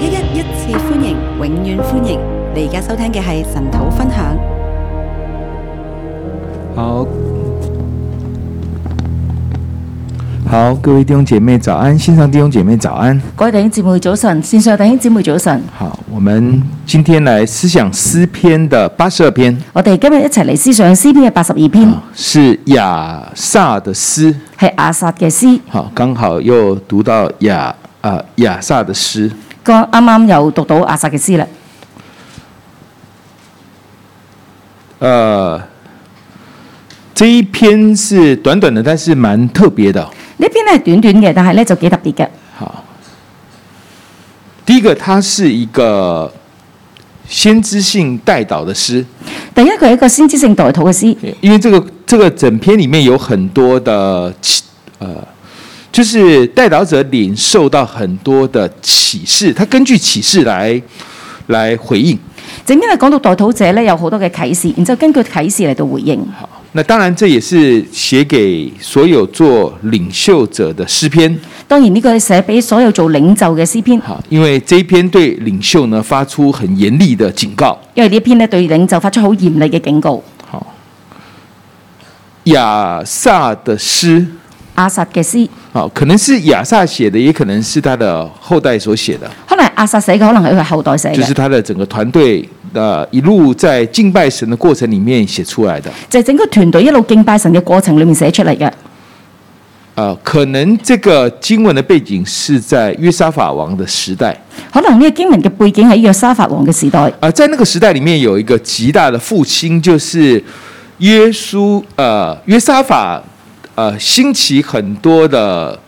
一一一次歡迎，永遠歡迎。你而家收聽嘅係神土分享。好，好，各位弟兄姐妹早安，綫上弟兄姐妹早安，各位弟兄姊妹早晨，綫上弟兄姊妹早晨。好，我們今天來思想詩篇的八十二篇。我哋今日一齊嚟思想詩篇嘅八十二篇，是亞薩的詩，係亞薩嘅詩。好，剛好又讀到亞啊、呃、亞薩的詩。剛啱啱又讀到亞薩嘅詩啦，誒、呃，這一篇是短短的，但是蠻特別的。呢篇咧短短嘅，但係咧就幾特別嘅。好，第一個，它是一個先知性帶導的詩。第一個係一個先知性帶導嘅詩，因為這個這個整篇裡面有很多的，誒、呃。就是代導者領受到很多的啟示，他根據啟示來來回應。正因嚟講到代導者呢，有好多嘅啟示，然之後就根據啟示嚟到回應。好，那當然這也是寫給所有做領袖者的詩篇。當然呢個係寫俾所有做領袖嘅詩篇。好，因為這一篇對領袖呢發出很嚴厲的警告。因為呢一篇呢對領袖發出好嚴厲嘅警告。好，亞薩的詩。阿薩嘅詩。好，可能是亞薩寫的，也可能是他的後代所寫的。可能亞薩寫嘅，可能係佢後代寫嘅。就是他的整個團隊，誒、呃，一路在敬拜神的過程裡面寫出來的。就是整個團隊一路敬拜神嘅過程裡面寫出嚟嘅。誒，可能這個經文嘅背景是在約沙法王的時代。可能呢個經文嘅背景係約沙法王嘅時代。啊，在那個時代裡面有一個極大的復興，就是耶穌，誒、呃，約沙法。呃、啊，興起很多的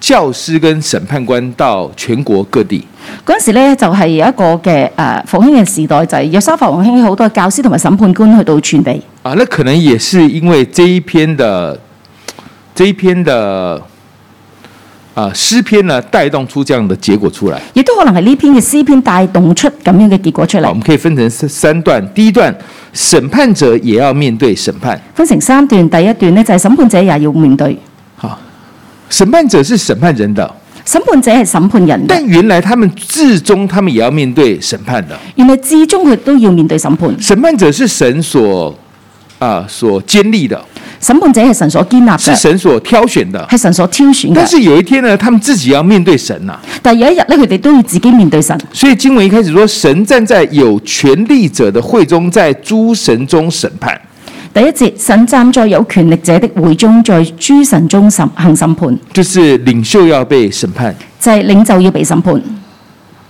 教師跟審判官到全國各地。嗰時咧就係有一個嘅，誒，復興嘅時代就係約沙法王興起好多嘅教師同埋審判官去到傳遞。啊，那可能也是因為這一篇的，這一篇的。啊！詩篇呢，帶動出這樣的結果出來，亦都可能係呢篇嘅詩篇帶動出咁樣嘅結果出嚟。我們可以分成三三段，第一段審判者也要面對審判。分成三段，第一段呢就係審判者也要面對。好，審判者是審判人的，審判者係審判人，但原來他們至終他們也要面對審判的。原來至終佢都要面對審判。審判者是神所啊、呃、所建立的。審判者係神所建立嘅，是神所挑選嘅，係神所挑選嘅。但是有一天呢，他們自己要面對神啦。但係有一日呢，佢哋都要自己面對神。所以經文一開始說，神站在有權力者的會中，在諸神中審判。第一節，神站在有權力者的會中，在諸神中審行審判。就是領袖要被審判，就係領袖要被審判。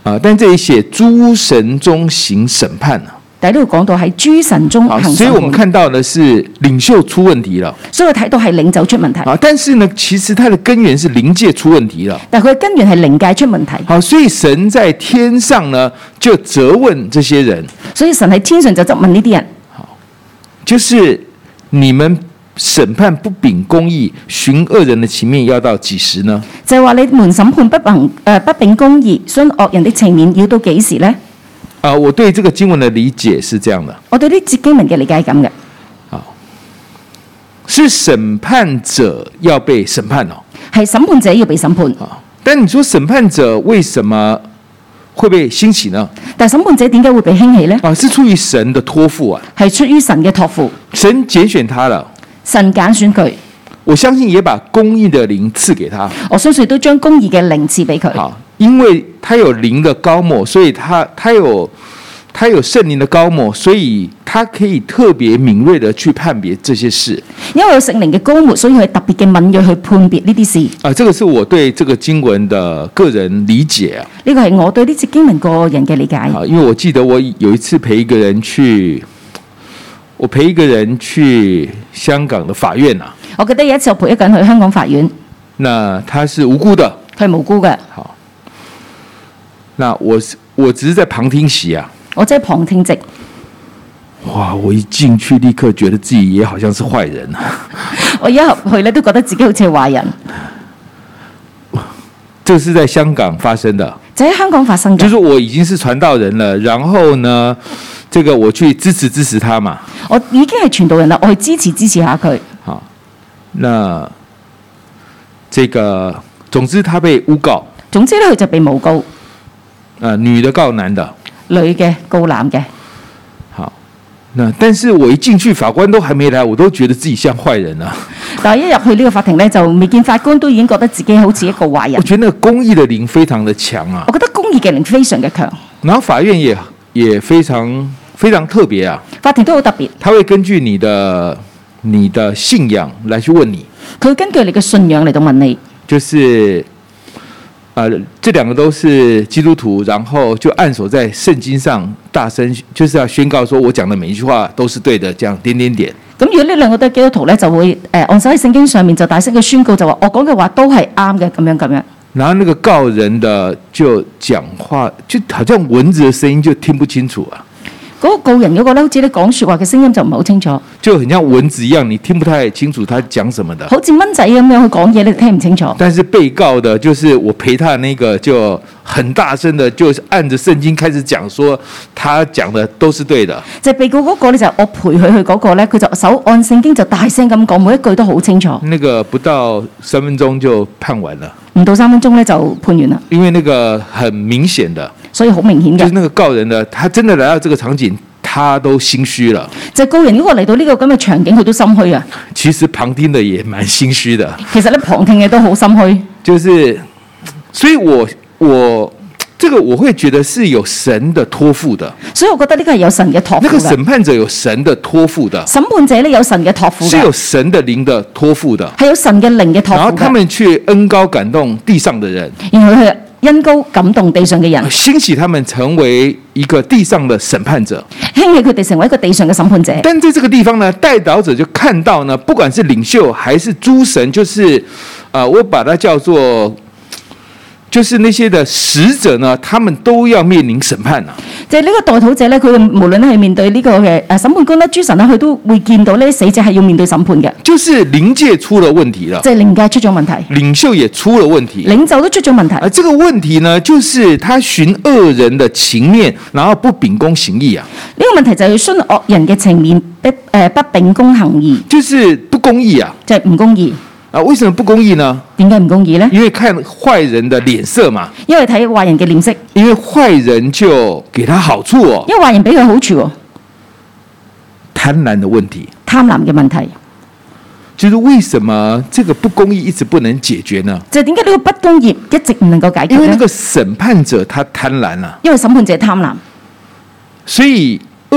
啊！但係這裏寫諸神中行審判啊。大家都講到喺諸神中行審判。所以，我們看到的是領袖出問題了。所以我睇到係領袖出問題。啊，但是呢，其實它的根源是靈界出問題了。但佢嘅根源係靈界出問題。好，所以神在天上呢就責問這些人。所以神喺天上就責問呢啲人。好，就是你們審判不秉公義、徇惡人的情面要到幾時呢？就係話你們審判不行誒、呃，不秉公義、徇惡人的情面要到幾時呢？啊！我對這個經文的理解是這樣的。我對呢節經文嘅理解係咁嘅。好，是審判者要被審判咯。係審判者要被審判。但你說審判者為什麼會被興起呢？但係審判者點解會被興起呢？啊，是出於神的託付啊。係出於神嘅託付。神揀選他啦。神揀選佢。我相信也把公義的靈賜給他。我相信都將公義嘅靈賜俾佢。因為他有靈的膏抹，所以他他有他有聖靈的膏抹，所以他可以特別敏銳的去判別這些事。因為有聖靈的膏抹，所以佢特別的敏銳去判別呢啲事。啊，這個是我對這個經文的個人理解啊。呢個係我對呢節經文個人嘅理解。啊，因為我記得我有一次陪一個人去，我陪一個人去香港的法院啊。我記得有一次我陪一個人去香港法院。那他是無辜的。他是無辜嘅。好。那我我只是在旁聽席啊，我在旁聽席。哇！我一進去，立刻覺得自己也好像是壞人啊。我一入去呢，都覺得自己好似係壞人。這是在香港發生的，在香港發生嘅，就是我已經是傳道人了，然後呢，這個我去支持支持他嘛。我已經係傳道人啦，我去支持支持下佢。好，那這個總之，他被誣告。總之呢，佢就被誣告。呃、女的告男的。女嘅告男嘅。好，那但是我一進去，法官都還沒來，我都覺得自己像壞人啊。但一入去呢個法庭咧，就未見法官都已經覺得自己好似一個壞人。我覺得那個公義的靈非常的強啊。我覺得公義嘅靈非常的強。然後法院也也非常非常特別啊。法庭都好特別。他會根據你的你的信仰來去問你。佢根據你嘅信仰嚟到問你。就是。啊、呃，這兩個都是基督徒，然後就按手在聖經上大聲，就是要宣告說：“我講的每一句話都是對的。”這樣點點點。咁如果呢兩個都係基督徒呢，就會誒按手喺聖經上面就大聲嘅宣告，就話我講嘅話都係啱嘅，咁樣咁樣。然後那個告人的就講話，就好像蚊子嘅聲音，就聽不清楚啊。嗰、那個、告人嗰個呢，好似你講説話嘅聲音就唔係好清楚，就很像蚊子一樣，你聽不太清楚他講什麼的。好似蚊仔咁樣去講嘢，你聽唔清楚。但是被告的，就是我陪他那個就很大聲的，就是按着聖經開始講，說他講的都是對的。在、就是、被告嗰個呢，就我陪佢去嗰個呢，佢就手按聖經就大聲咁講，每一句都好清楚。那個不到三分鐘就判完了，唔到三分鐘呢，就判完了，因為那個很明顯的。所以好明顯嘅，就係那個告人呢，他真的來到這個場景，他都心虛啦。就係告人如果嚟到呢個咁嘅場景，佢都心虛啊。其實旁聽的也蠻心虛的。其實呢，旁聽嘅都好心虛。就是，所以我我，這個我會覺得是有神的託付的。所以我覺得呢個係有神嘅託付。那個審判者有神的託付的。審判者呢，有神嘅託付，係有神的靈的託付的，係有神嘅靈嘅託付。然後他們去恩高感動地上的人。因高感動地上嘅人，興起他們成為一個地上的審判者。興起佢哋成為一個地上嘅審判者。但喺這個地方呢，代禱者就看到呢，不管是領袖還是諸神，就是，啊、呃，我把它叫做。就是那些的死者呢，他們都要面臨審判啊。即係呢個代禱者呢，佢無論係面對呢個嘅誒審判官啦、諸神啦，佢都會見到呢啲死者係要面對審判嘅。就是靈界出了問題啦。即係靈界出咗問題，領袖也出了問題，領袖都出咗問題。而這個問題呢，就是他徇惡人的情面，然後不秉公行義啊。呢個問題就係徇惡人嘅情面，不誒不秉公行義，就是不公義啊。即係唔公義。啊，為什麼不公義呢？點解唔公義咧？因為看壞人的臉色嘛。因為睇壞人嘅臉色。因為壞人就給他好處哦。因為壞人俾佢好處，哦。貪婪的問題。貪婪嘅問題就。就是為什麼這個不公義一直不能解決呢？就係點解呢個不公義一直唔能夠解決咧？因為那個審判者他貪婪啦，啊。因為審判者貪婪，啊。所以。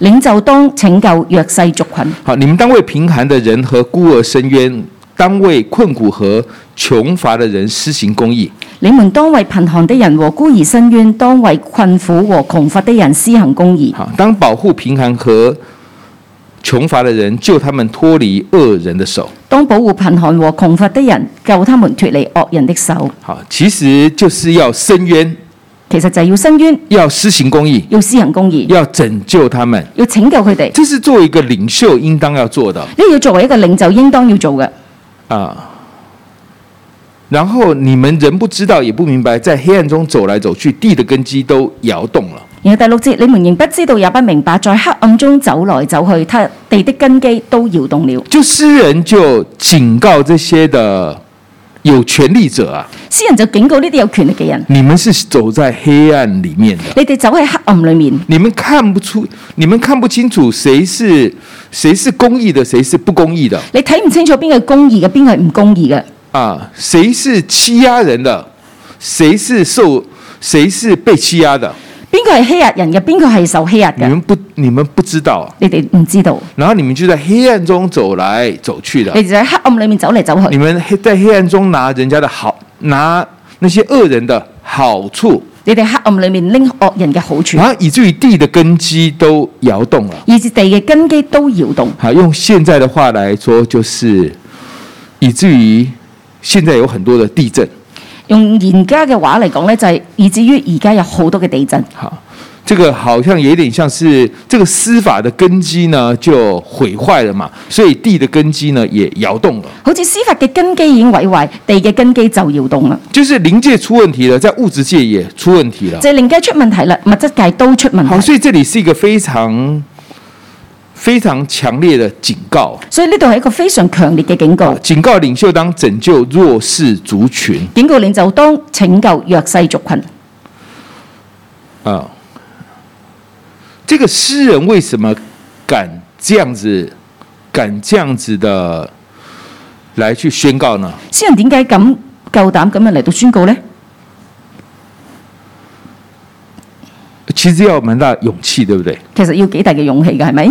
領袖當拯救弱勢族群。好，你們當為貧寒的人和孤兒伸冤，當為困苦和窮乏的人施行公義。你們當為貧寒的人和孤兒伸冤，當為困苦和窮乏的人施行公義。好，當保護貧寒和窮乏的人，救他們脫離惡人的手。當保護貧寒和窮乏的人，救他們脫離惡人的手。好，其實就是要伸冤。其實就係要伸冤，要施行公義，要施行公義，要拯救他們，要拯救佢哋。這是，做做這是作為一個領袖應當要做的，一要作為一個領袖應當要做嘅。啊，然後你們人不知道也不明白，在黑暗中走來走去，地的根基都搖動了。然後第六節，你們仍不知道也不明白，在黑暗中走來走去，他地的根基都搖動了。就詩人就警告這些的。有權力者啊！私人就警告呢啲有權力嘅人，你們是走在黑暗裏面的。你哋走喺黑暗裏面。你們看不出，你們看不清楚誰是誰是公義的，誰是不公義的。你睇唔清楚邊個公義嘅，邊個係唔公義嘅。啊，誰是欺壓人的，誰是受，誰是被欺壓的？邊個係欺壓人嘅？邊個係受欺壓嘅？你們不你們不知道啊，你哋唔知道。然後你們就在黑暗中走來走去的，你就在黑暗裏面走嚟走去。你們在黑暗中拿人家的好，拿那些惡人的好處。你哋黑暗裏面拎惡人嘅好處然後以至於地的根基都搖動啦。以至地嘅根基都搖動。好，用現在的話來說，就是以至於現在有很多的地震。用而家嘅話嚟講咧，就係、是、以至於而家有好多嘅地震。好，這個好像也有點像是，這個司法嘅根基呢就毀壞了嘛，所以地的根基呢也搖動了。好似司法嘅根基已經毀壞，地嘅根基就搖動了。就是靈界出問題了，在物質界也出問題了。就靈界出問題啦，物質界都出問題了。好，所以這裡是一個非常。非常強烈的警告，所以呢度係一個非常強烈嘅警告。警告領袖當拯救弱勢族群，警告領袖當拯救弱勢族群。啊，這個詩人為什麼敢這樣子，敢這樣子的來去宣告呢？詩人點解咁夠膽咁樣嚟到宣告呢？其實要蠻大勇氣，對不對？其實要幾大嘅勇氣嘅，係咪？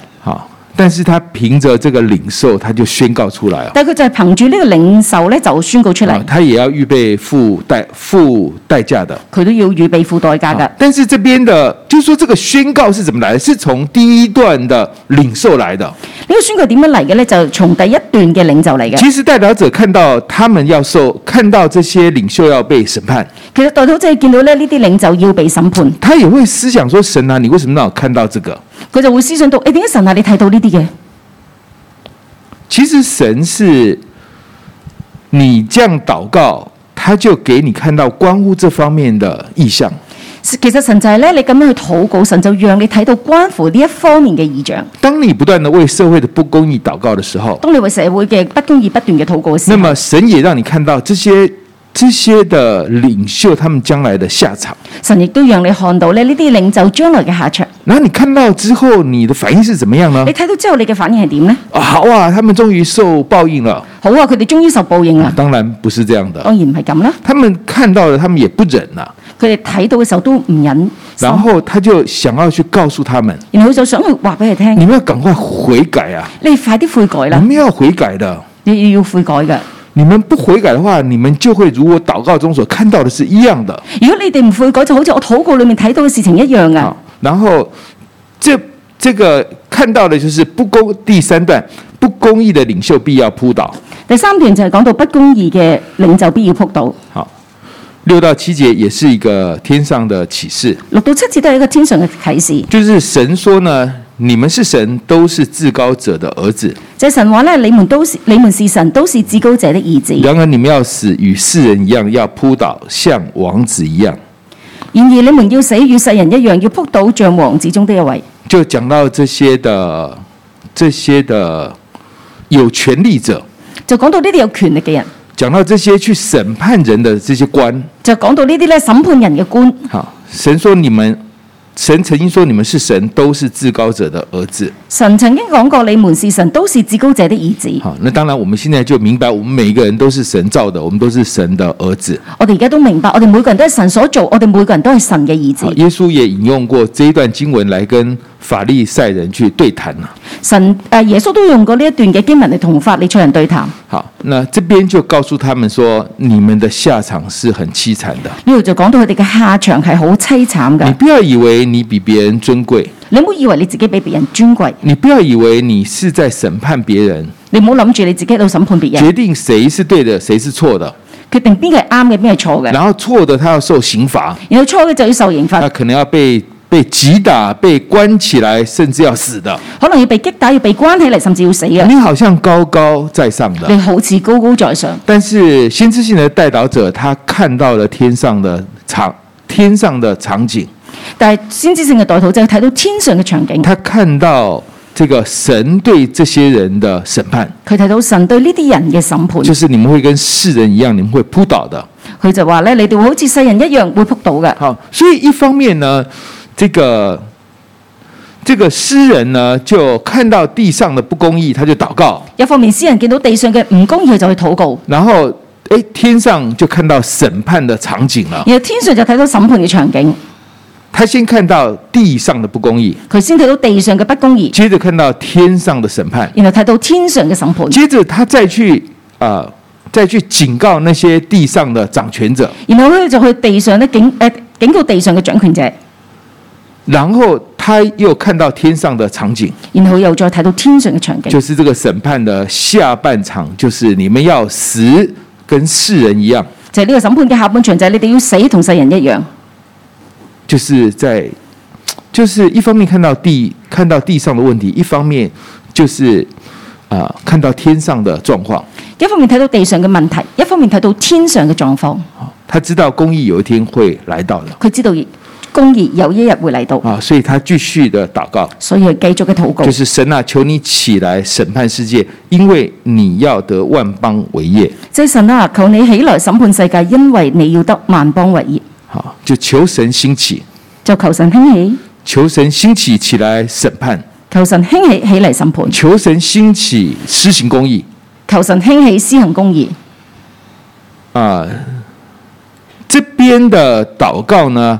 但是他憑着這個領袖，他就宣告出來了。但係佢就係憑住呢個領袖呢，就宣告出來。他也要預備付代付代價的。佢都要預備付代價的。但是這邊的，就說這個宣告是怎麼嚟的？是從第一段的領袖來的。呢、這個宣告點樣嚟嘅呢？就從第一段嘅領袖嚟嘅。其實代表者看到他們要受，看到這些領袖要被審判。其實代表者見到咧呢啲領袖要，要被審判，他也會思想說：神啊，你為什麼讓我看到這個？佢就會思想到誒，點解神啊，你睇到呢啲嘅？其實神是，你這樣禱告，他就給你看到關乎這方面的意向。其實神就係咧，你咁樣去禱告，神就讓你睇到關乎呢一方面嘅意象。當你不斷地為社會嘅不公義禱告嘅時候，當你為社會嘅不公義不斷嘅禱告嘅時候，那麼神也讓你看到這些。這些的領袖，他們將來的下場，神亦都讓你看到咧，呢啲領袖將來嘅下場。然後你看到之後，你的反應是怎麼樣呢？你睇到之後，你嘅反應係點呢？啊，好啊，他們終於受報應啦。好啊，佢哋終於受報應啦，嗯。當然不是這樣的，當然唔係咁啦。他們看到了，他們也不忍啦。佢哋睇到嘅時候都唔忍。然後他就想要去告訴他們，然後就想去話俾佢聽，你們要趕快悔改啊！你快啲悔改啦！我們要悔，你要悔改的，你要悔改嘅。你們不悔改的話，你們就會如我禱告中所看到的是一樣的。如果你哋唔悔改，就好似我禱告裏面睇到嘅事情一樣噶、啊。然後，這這個看到的，就是不公第三段，不公義的領袖必要撲倒。第三段就係講到不公義嘅領袖必要撲倒。好。六到七節也是一個天上的啟示。六到七節都係一個天上的啟示。就是神說呢，你們是神，都是至高者的兒子。這神話呢，你們都是你們是神，都是至高者的兒子。然而你們要死與世人一樣，要僕倒像王子一樣。然而你們要死與世人一樣，要僕倒像王子中的一位。就講到這些的，這些的有權力者。就講到呢啲有權力嘅人。講到這些去審判人的這些官，就講到呢啲咧審判人嘅官。好，神說你們，神曾經說你們是神，都是至高者的兒子。神曾經講過你們是神，都是至高者的兒子。好，那當然我們現在就明白，我們每一個人都是神造的，我們都是神的兒子。我哋而家都明白，我哋每個人都係神所做，我哋每個人都係神嘅兒子。耶穌也引用過這一段經文來跟。法利賽人去對談啦。神誒，耶穌都用過呢一段嘅經文嚟同法利賽人對談。好，那這邊就告訴他們說，你們的下場是很淒慘的。呢度就講到佢哋嘅下場係好淒慘㗎。你不要以為你比別人尊貴。你唔好以為你自己比別人尊貴。你不要以為你是在審判別人。你唔好諗住你自己喺度審判別人。決定誰是對的，誰是錯的。決定邊個係啱嘅，邊係錯嘅。然後錯嘅，他要受刑罰。然後錯嘅就要受刑罰。佢可能要被。被擊打，被關起來，甚至要死的，可能要被擊打，要被關起嚟，甚至要死嘅。你好像高高在上的，你好似高高在上。但是先知性的帶導者，他看到了天上的場天上的場景。但係先知性嘅帶導者睇到天上嘅場景，他看到這個神對這些人的審判。佢睇到神對呢啲人嘅審判，就是你們會跟世人一樣，你們會扑倒的。佢就話咧，你哋會好似世人一樣會扑倒嘅。好，所以一方面呢。這個這個詩人呢，就看到地上的不公義，他就禱告。一方面，詩人見到地上的唔公義，他就去禱告。然後，誒，天上就看到審判的場景啦。然後天上就睇到審判的場景。他先看到地上的不公義，佢先睇到地上嘅不公義，接着看到天上的審判，然後睇到天上的審判。接着，他再去啊、呃，再去警告那些地上的掌權者。然後佢就去地上咧警誒、呃、警告地上嘅掌權者。然後他又看到天上的場景，然後又再睇到天上嘅場景，就是這個審判嘅下半場，就是你們要死，跟世人一樣。就係、是、呢個審判嘅下半場，就係你哋要死同世人一樣。就是在，就是一方面看到地，看到地上的問題，一方面就是啊、呃，看到天上的狀況。一方面睇到地上嘅問題，一方面睇到天上嘅狀況。他知道公義有一天會來到了，他知道。公義有一日會嚟到啊，哦，所以他繼續的禱告，所以繼續嘅禱告，就是神啊，求你起來審判世界，因為你要得萬邦為業。即神啊，求你起來審判世界，因為你要得萬邦為業。好，就求神興起，就求神興起，求神興起起來審判，求神興起起嚟審判，求神興起施行公義，求神興起施行公義。啊，這邊的禱告呢？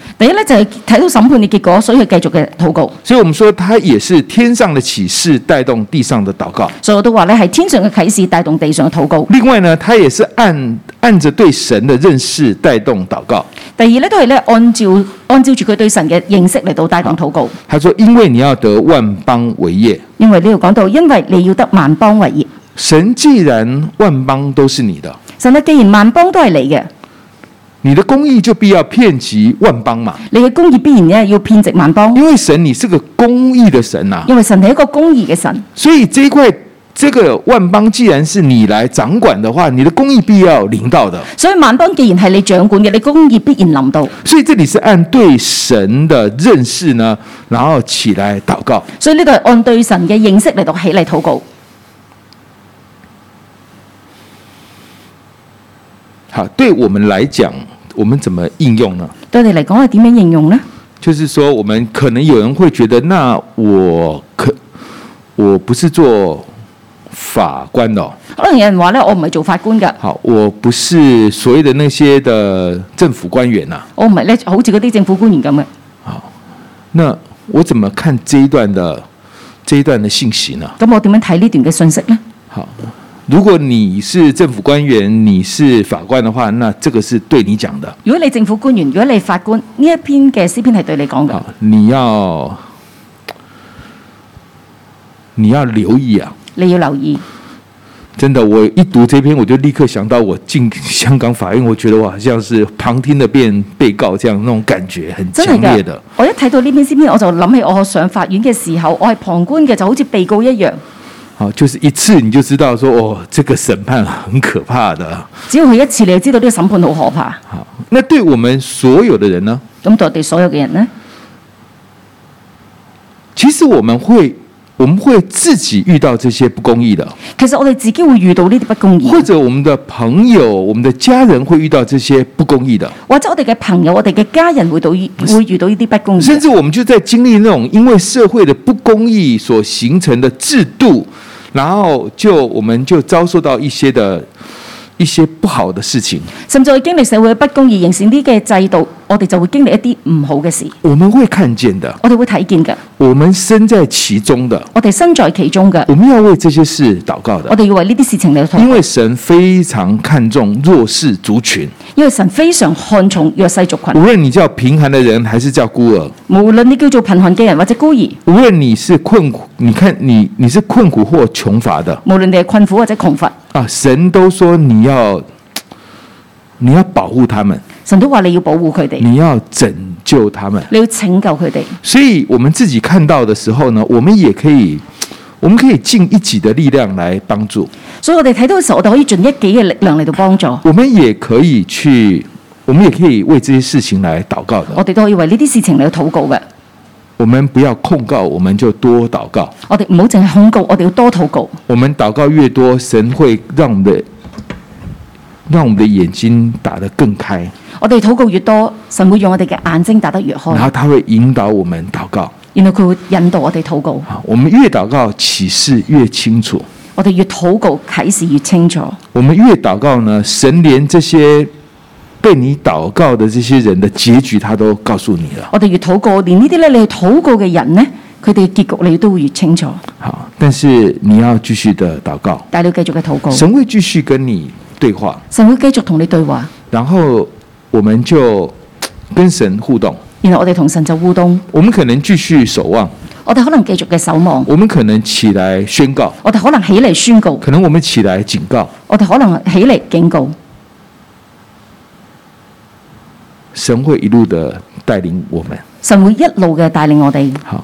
第一咧就係、是、睇到審判嘅結果，所以佢繼續嘅禱告。所以我們說，他也是天上的啟示帶動地上的禱告。所以我都話咧，係天上嘅啟示帶動地上嘅禱告。另外呢，他也是按按着對神的認識帶動禱告。第二咧都係咧按照按照住佢對神嘅認識嚟到帶動禱告。啊、他說：因為你要得萬邦為業。因為呢度講到，因為你要得萬邦為業。神既然萬邦都是你的，神啊，既然萬邦都係你嘅。你的公義就必要遍及萬邦嘛？你嘅公義必然呢，要遍及萬邦。因為神你是個公義的神呐。因為神係一個公義嘅神。所以這一塊，這個萬邦既然是你來掌管的話，你的公義必要領到的。所以萬邦既然是你掌管嘅，你公義必然臨到。所以這裡是按對神的認識呢，然後起來禱告。所以呢個係按對神嘅認識嚟到起嚟禱告。好，對我們來講。我們怎麼應用呢？對你嚟講係點樣應用呢？就是說，我們可能有人會覺得，那我可我不是做法官咯哦？可能有人話咧，我唔係做法官噶。好，我不是所謂的那些的政府官員啦啊。我唔係咧，好似嗰啲政府官員咁嘅。好，那我怎麼看這一段的這一段的信息呢？咁我點樣睇呢段嘅信息呢？好。如果你是政府官員，你是法官的話，那這個是對你講的。如果你政府官員，如果你法官，呢一篇嘅詩篇係對你講嘅，啊。你要你要留意啊！你要留意。真的，我一讀這篇，我就立刻想到我進香港法院，我覺得我好像是旁聽的變被告，這樣那種感覺很強烈的，的，的。我一睇到呢篇詩篇，我就諗起我上法院嘅時候，我係旁觀嘅，就好似被告一樣。就是一次你就知道說，哦，這個審判很可怕的。只要佢一次，你就知道呢個審判好可怕。好，那對我們所有的人呢？咁對，對所有嘅人呢？其實我們會，我們會自己遇到這些不公義的。其實我哋自己會遇到呢啲不公義的，或者我們的朋友、我們的家人會遇到這些不公義的。或者我哋嘅朋友、我哋嘅家人會遇到遇會遇到呢啲不公義的。甚至我們就在經歷那種因為社會的不公義所形成的制度。然後就我們就遭受到一些的，一些不好的事情，甚至會經歷社會不公而形成呢個制度。我哋就會經歷一啲唔好嘅事。我們會看見的，我哋會睇見嘅。我們身在其中的，我哋身在其中嘅，我們要為這些事禱告的。我哋要為呢啲事情嚟禱告。因為神非常看重弱勢族群，因為神非常看重弱勢族群。無論你叫貧寒嘅人，還是叫孤兒，無論你叫做貧寒嘅人或者孤兒，無論你是困苦，你看你你是困苦或窮乏的，無論你係困苦或者窮乏，啊，神都說你要你要保護他們。神都話你要保護佢哋，你要拯救他們，你要拯救佢哋。所以，我們自己看到的時候呢，我們也可以，我們可以盡一己的力量來幫助。所以我哋睇到嘅時候，我哋可以盡一己嘅力量嚟到幫助。我們也可以去，我們也可以為這些事情來禱告嘅。我哋都可以為呢啲事情嚟到禱告嘅。我們不要控告，我們就多禱告。我哋唔好淨係控告，我哋要多禱告。我們禱告越多，神會讓我們的，讓我們的眼睛打得更開。我哋禱告越多，神會用我哋嘅眼睛打得越開。然後他會引導我們禱告，然後佢會引導我哋禱告。我們越禱告，啟示越清楚。我哋越禱告，啟示越清楚。我們越禱告呢，神連這些被你禱告的這些人的結局，他都告訴你了。我哋越禱告，連呢啲咧，你禱告嘅人呢，佢哋嘅結局你都會越清楚。好，但是你要繼續的禱告，但你要繼續嘅禱、禱告，神會繼續跟你對話，神會繼續同你對話，然後。我們就跟神互動，然後我哋同神就互動。我們可能繼續守望，我哋可能繼續嘅守望。我們可能起來宣告，我哋可能起嚟宣告。可能我們起來警告，我哋可能起嚟警告。神會一路的帶領我們，神會一路嘅帶領我哋。好。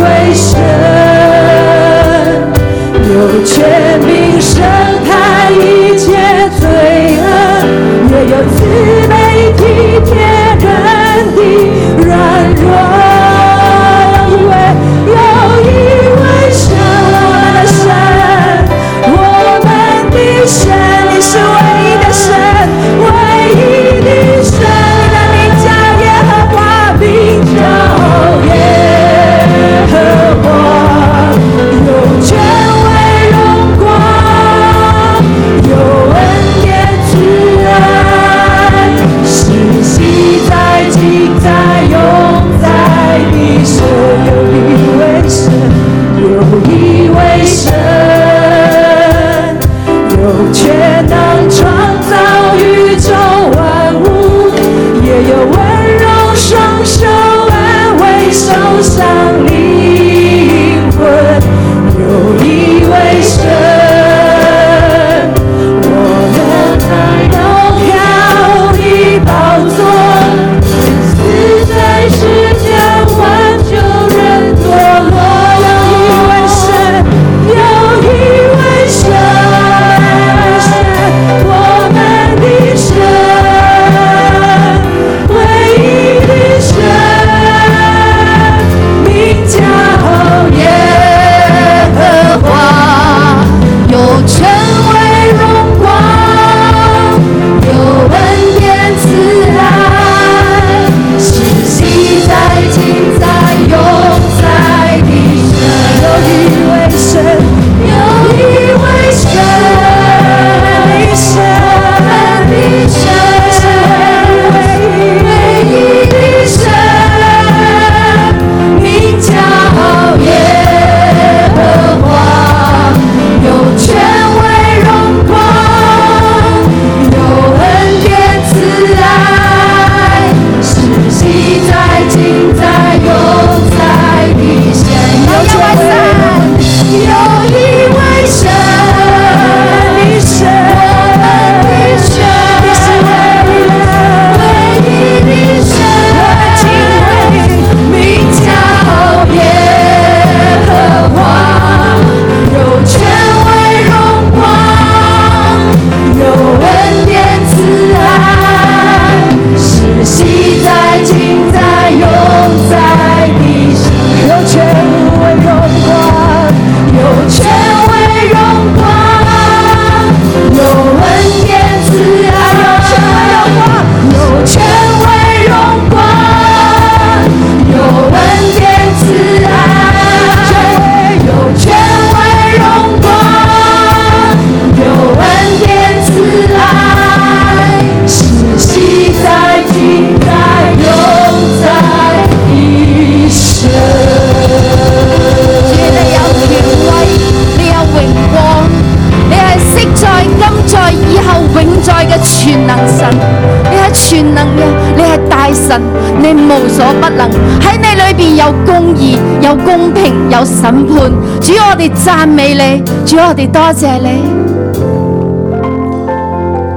我哋讚美你，主，我哋多謝你。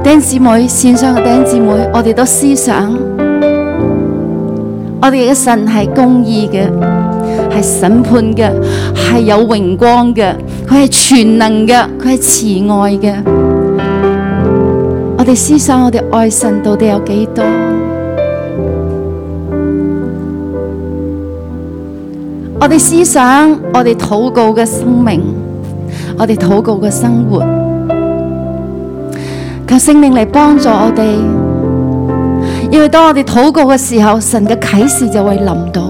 弟兄姊妹，線上嘅弟兄姊妹，我哋都思想，我哋嘅神係公義嘅，係審判嘅，係有榮光嘅，佢係全能嘅，佢係慈愛嘅。我哋思想，我哋愛神到底有幾多？思想，我哋禱告嘅生命，我哋禱告嘅生活，求聖靈嚟幫助我哋。因為當我哋禱告嘅時候，神嘅啟示就會臨到。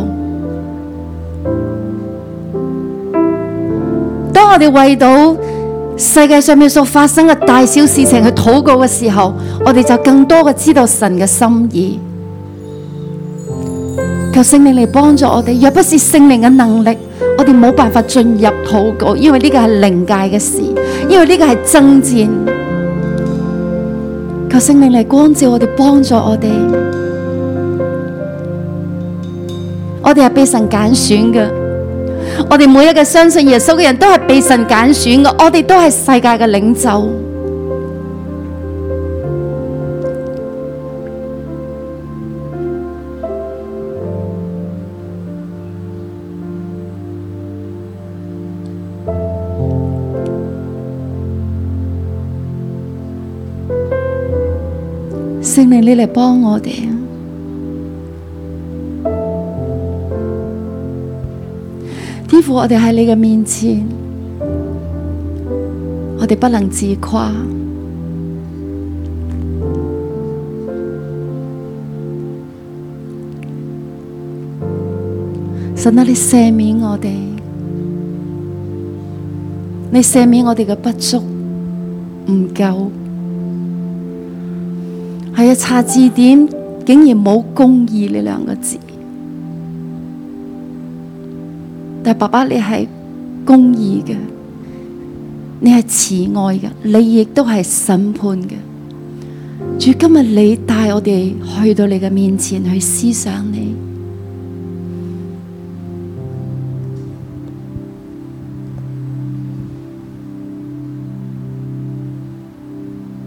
當我哋為到世界上面所發生嘅大小事情去禱告嘅時候，我哋就更多嘅知道神嘅心意。求聖靈嚟幫助我哋，若不是聖靈嘅能力，我哋冇辦法進入禱告，因為呢個係靈界嘅事，因為呢個係爭戰。求聖靈嚟光照我哋，幫助我哋。我哋係被神揀選嘅，我哋每一個相信耶穌嘅人都係被神揀選嘅，我哋都係世界嘅領袖。聖靈你嚟幫我哋，天父，我哋喺你嘅面前，我哋不能自誇，神，你赦免我哋，你赦免我哋嘅不足，唔夠。係啊，查字典竟然冇公義呢兩個字，但係爸爸你係公義嘅，你係慈愛嘅，你亦都係審判嘅。主，今日你帶我哋去到你嘅面前去思想你。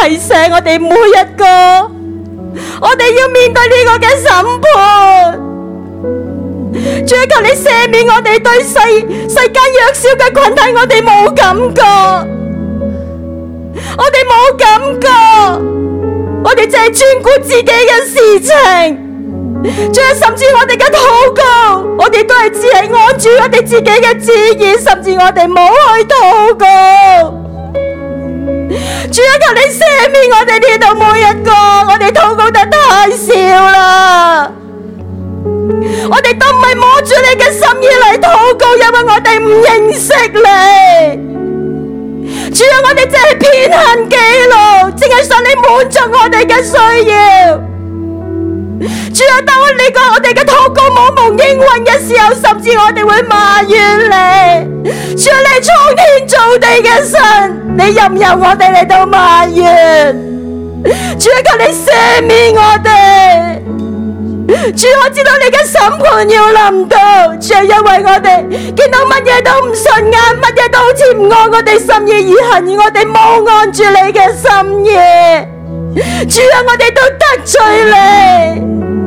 提醒我哋每一個，我哋要面對呢個嘅審判。追求你赦免我哋對世世間弱小嘅群體，我哋冇感覺，我哋冇感覺，我哋淨係專顧自己嘅事情。仲有甚至我哋嘅禱告，我哋都係只係按住我哋自己嘅旨意，甚至我哋冇去禱告。主啊，求你赦免我哋呢度每一個，我哋禱告得太少啦！我哋都唔係摸住你嘅心意嚟禱告，因為我哋唔認識你。主啊，我哋淨係偏行己路，淨係想你滿足我哋嘅需要。主要當你呢我哋嘅禱告冇蒙應允嘅時候，甚至我哋會埋怨你。主要你係創天造地嘅神，你任由我哋嚟到埋怨。主要求你赦免我哋。主要我知道你嘅審判要臨到，主要因為我哋見到乜嘢都唔順眼，乜嘢都好似唔按我哋心意而行，而我哋冇按住你嘅心意。主要我哋都得罪你。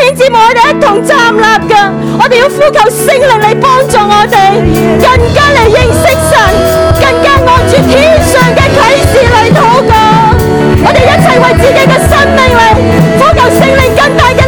弟兄姊妹我哋一同站立嘅，我哋要呼求聖靈嚟幫助我哋，更加嚟認識神，更加按住天上嘅啟示嚟禱告，我哋一齊為自己嘅生命嚟呼求聖靈更大嘅。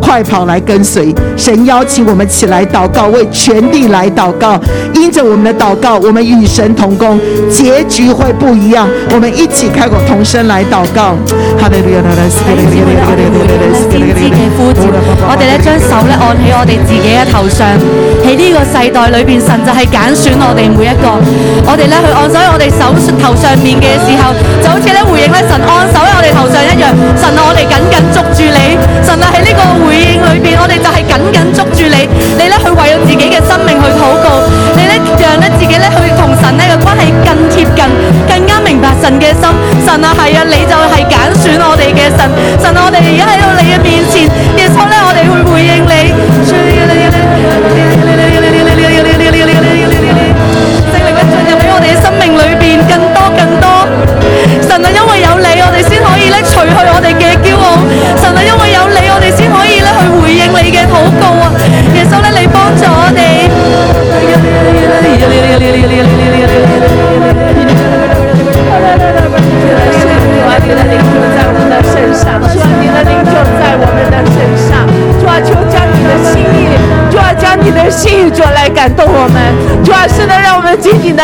快跑來跟隨神，邀請我們起來禱告，為全地來禱告。因着我們的禱告，我們與神同工，結局會不一樣。我們一起開口同聲來禱告。我哋咧將手咧按喺我哋自己嘅頭上，喺呢個世代裏邊，神就係揀選我哋每一個。我哋咧去按咗喺我哋手頭上面嘅時候，就好似咧回應咧神按手喺我哋頭上一樣。神啊，我哋緊緊捉住你。神啊，喺呢個。回應裏邊，我哋就係緊緊捉住你，你咧去為咗自己嘅生命去禱告，你咧讓咧自己咧去同神咧嘅關係更貼近，更加明白神嘅心。神啊，係啊，你就係揀選我哋嘅神，神啊，我哋而家喺到你嘅面前。